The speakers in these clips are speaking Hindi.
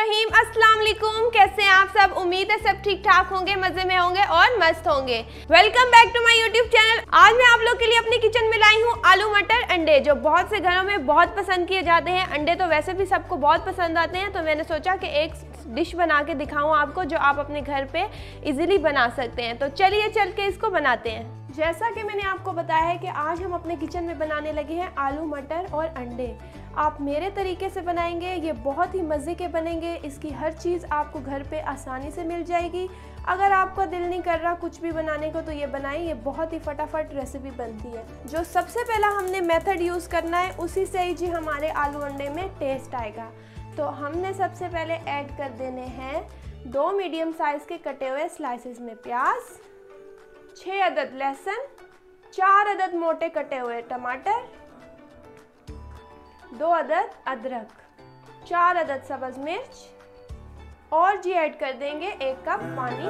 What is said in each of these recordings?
रहीम अस्सलाम वालेकुम कैसे हैं आप सब उम्मीद है सब ठीक ठाक होंगे मजे में होंगे और मस्त होंगे welcome back to my YouTube channel आज मैं आप लोग के लिए अपने किचन में लाई हूँ आलू मटर अंडे जो बहुत से घरों में बहुत पसंद किए जाते हैं अंडे तो वैसे भी सबको बहुत पसंद आते हैं तो मैंने सोचा की एक डिश बना के दिखाऊँ आपको जो आप अपने घर पे इजिली बना सकते हैं तो चलिए चल के इसको बनाते हैं जैसा कि मैंने आपको बताया है कि आज हम अपने किचन में बनाने लगे हैं आलू मटर और अंडे आप मेरे तरीके से बनाएंगे ये बहुत ही मज़े के बनेंगे इसकी हर चीज़ आपको घर पे आसानी से मिल जाएगी अगर आपका दिल नहीं कर रहा कुछ भी बनाने को तो ये बनाएं ये बहुत ही फटाफट रेसिपी बनती है जो सबसे पहला हमने मेथड यूज़ करना है उसी से ही जी हमारे आलू अंडे में टेस्ट आएगा तो हमने सबसे पहले ऐड कर देने हैं दो मीडियम साइज़ के कटे हुए स्लाइसिस में प्याज छः अदद लहसुन चार अदद मोटे कटे हुए टमाटर दो अदद अदरक चार अदद सब्ज मिर्च और जी ऐड कर देंगे एक कप पानी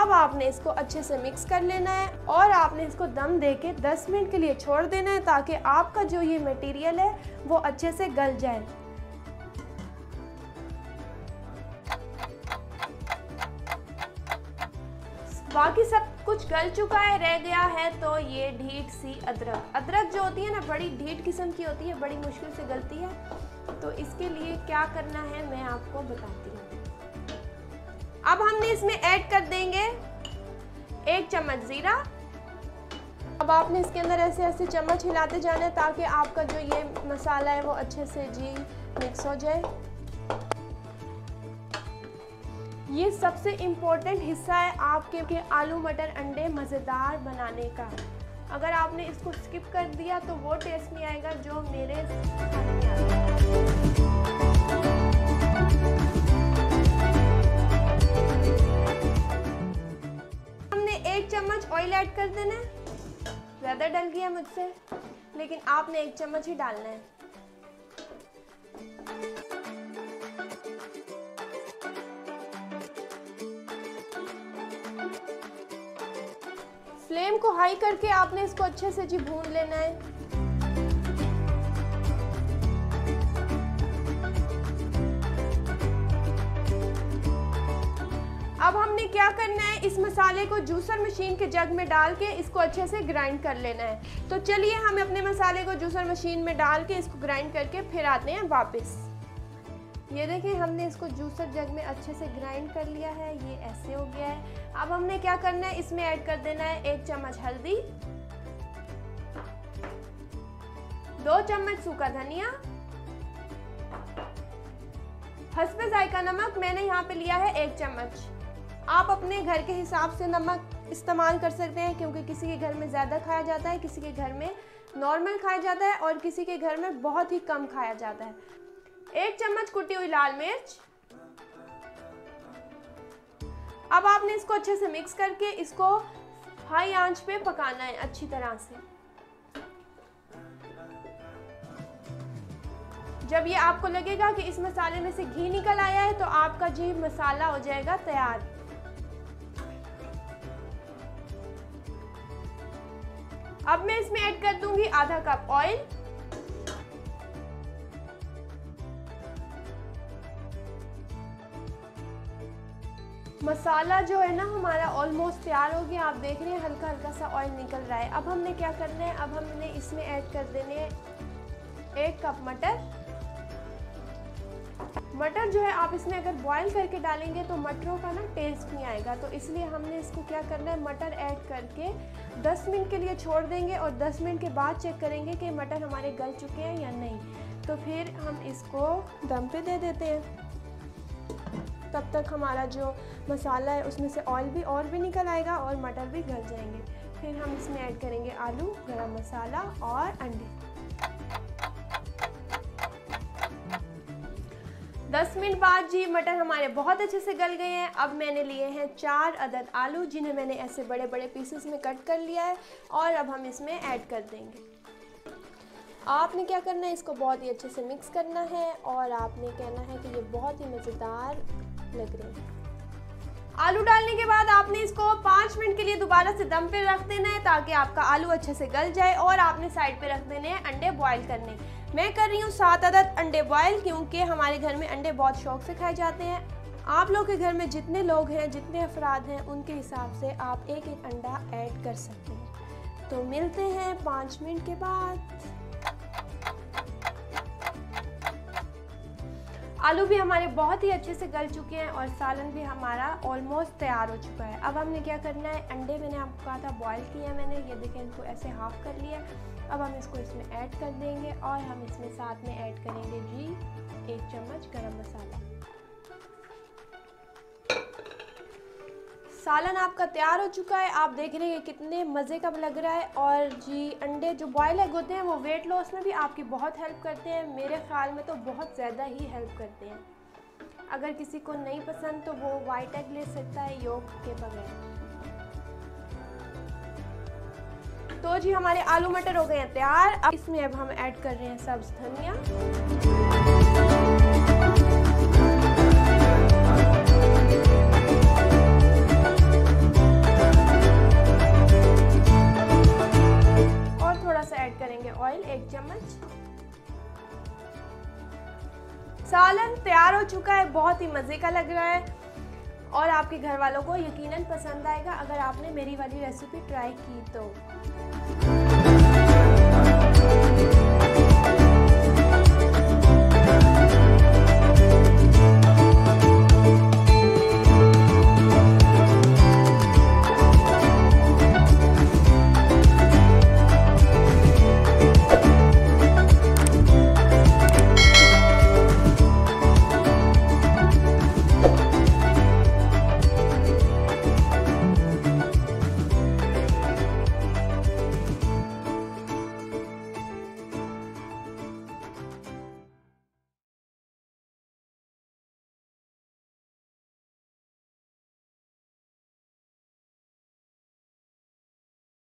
अब आपने इसको अच्छे से मिक्स कर लेना है और आपने इसको दम दे के दस मिनट के लिए छोड़ देना है ताकि आपका जो ये मटेरियल है वो अच्छे से गल जाए बाकी सब कुछ गल चुका है रह गया है तो ये ढीठ सी अदरक अदरक जो होती है ना बड़ी ढीठ किस्म की होती है बड़ी मुश्किल से गलती है तो इसके लिए क्या करना है मैं आपको बताती हूँ अब हमने इसमें ऐड कर देंगे एक चम्मच ज़ीरा अब आपने इसके अंदर ऐसे ऐसे चम्मच हिलाते जाना है ताकि आपका जो ये मसाला है वो अच्छे से जी मिक्स हो जाए ये सबसे इम्पोर्टेंट हिस्सा है आपके के आलू मटर अंडे मज़ेदार बनाने का अगर आपने इसको स्किप कर दिया तो वो टेस्ट नहीं आएगा जो मेरे हमने एक चम्मच ऑयल ऐड कर देना है ज़्यादा डल गया मुझसे लेकिन आपने एक चम्मच ही डालना है फ्लेम को हाई करके आपने इसको अच्छे से जी भून लेना है अब हमने क्या करना है इस मसाले को जूसर मशीन के जग में डाल के इसको अच्छे से ग्राइंड कर लेना है तो चलिए हम अपने मसाले को जूसर मशीन में डाल के इसको ग्राइंड करके फिर आते हैं वापस ये देखिए हमने इसको जूसर जग में अच्छे से ग्राइंड कर लिया है ये ऐसे हो गया है अब हमने क्या करना है इसमें ऐड कर देना है एक चम्मच हल्दी दो चम्मच सूखा धनिया हसबे जायका नमक मैंने यहाँ पे लिया है एक चम्मच आप अपने घर के हिसाब से नमक इस्तेमाल कर सकते हैं क्योंकि किसी के घर में ज़्यादा खाया जाता है किसी के घर में नॉर्मल खाया जाता है और किसी के घर में बहुत ही कम खाया जाता है एक चम्मच कुटी हुई लाल मिर्च अब आपने इसको अच्छे से मिक्स करके इसको हाई आंच पे पकाना है अच्छी तरह से जब ये आपको लगेगा कि इस मसाले में से घी निकल आया है तो आपका जी मसाला हो जाएगा तैयार अब मैं इसमें ऐड कर दूंगी आधा कप ऑयल मसाला जो है ना हमारा ऑलमोस्ट तैयार हो गया आप देख रहे हैं हल्का हल्का सा ऑयल निकल रहा है अब हमने क्या करना है अब हमने इसमें ऐड कर देने हैं एक कप मटर मटर जो है आप इसमें अगर बॉईल करके डालेंगे तो मटरों का ना टेस्ट नहीं आएगा तो इसलिए हमने इसको क्या करना है मटर ऐड करके 10 मिनट के लिए छोड़ देंगे और 10 मिनट के बाद चेक करेंगे कि मटर हमारे गल चुके हैं या नहीं तो फिर हम इसको दम पे दे देते हैं तब तक हमारा जो मसाला है उसमें से ऑयल भी और भी निकल आएगा और मटर भी गल जाएंगे फिर हम इसमें ऐड करेंगे आलू गरम मसाला और अंडे 10 मिनट बाद जी मटर हमारे बहुत अच्छे से गल गए हैं अब मैंने लिए हैं चार अदद आलू जिन्हें मैंने ऐसे बड़े बड़े पीसेस में कट कर लिया है और अब हम इसमें ऐड कर देंगे आपने क्या करना है इसको बहुत ही अच्छे से मिक्स करना है और आपने कहना है कि ये बहुत ही मज़ेदार लग रही है आलू डालने के बाद आपने इसको पाँच मिनट के लिए दोबारा से दम पर रख देना है ताकि आपका आलू अच्छे से गल जाए और आपने साइड पे रख देने हैं अंडे बॉईल करने मैं कर रही हूँ सात अदद अंडे बॉयल क्योंकि हमारे घर में अंडे बहुत शौक से खाए जाते हैं आप लोग के घर में जितने लोग हैं जितने अफराद हैं उनके हिसाब से आप एक एक अंडा ऐड कर सकते हैं तो मिलते हैं पाँच मिनट के बाद आलू भी हमारे बहुत ही अच्छे से गल चुके हैं और सालन भी हमारा ऑलमोस्ट तैयार हो चुका है अब हमने क्या करना है अंडे मैंने आपको कहा था बॉईल किया मैंने ये देखें इनको ऐसे हाफ कर लिया अब हम इसको इसमें ऐड कर देंगे और हम इसमें साथ में ऐड करेंगे जी एक चम्मच गरम मसाला सालन आपका तैयार हो चुका है आप देख रहे हैं कितने मज़े का लग रहा है और जी अंडे जो बॉयल एग होते हैं वो वेट लॉस में भी आपकी बहुत हेल्प करते हैं मेरे ख्याल में तो बहुत ज़्यादा ही हेल्प करते हैं अगर किसी को नहीं पसंद तो वो वाइट एग ले सकता है योग के बगैर तो जी हमारे आलू मटर हो गए हैं तैयार अब इसमें अब हम ऐड कर रहे हैं सब्ज धनिया सालन तैयार हो चुका है बहुत ही मज़े का लग रहा है और आपके घर वालों को यकीनन पसंद आएगा अगर आपने मेरी वाली रेसिपी ट्राई की तो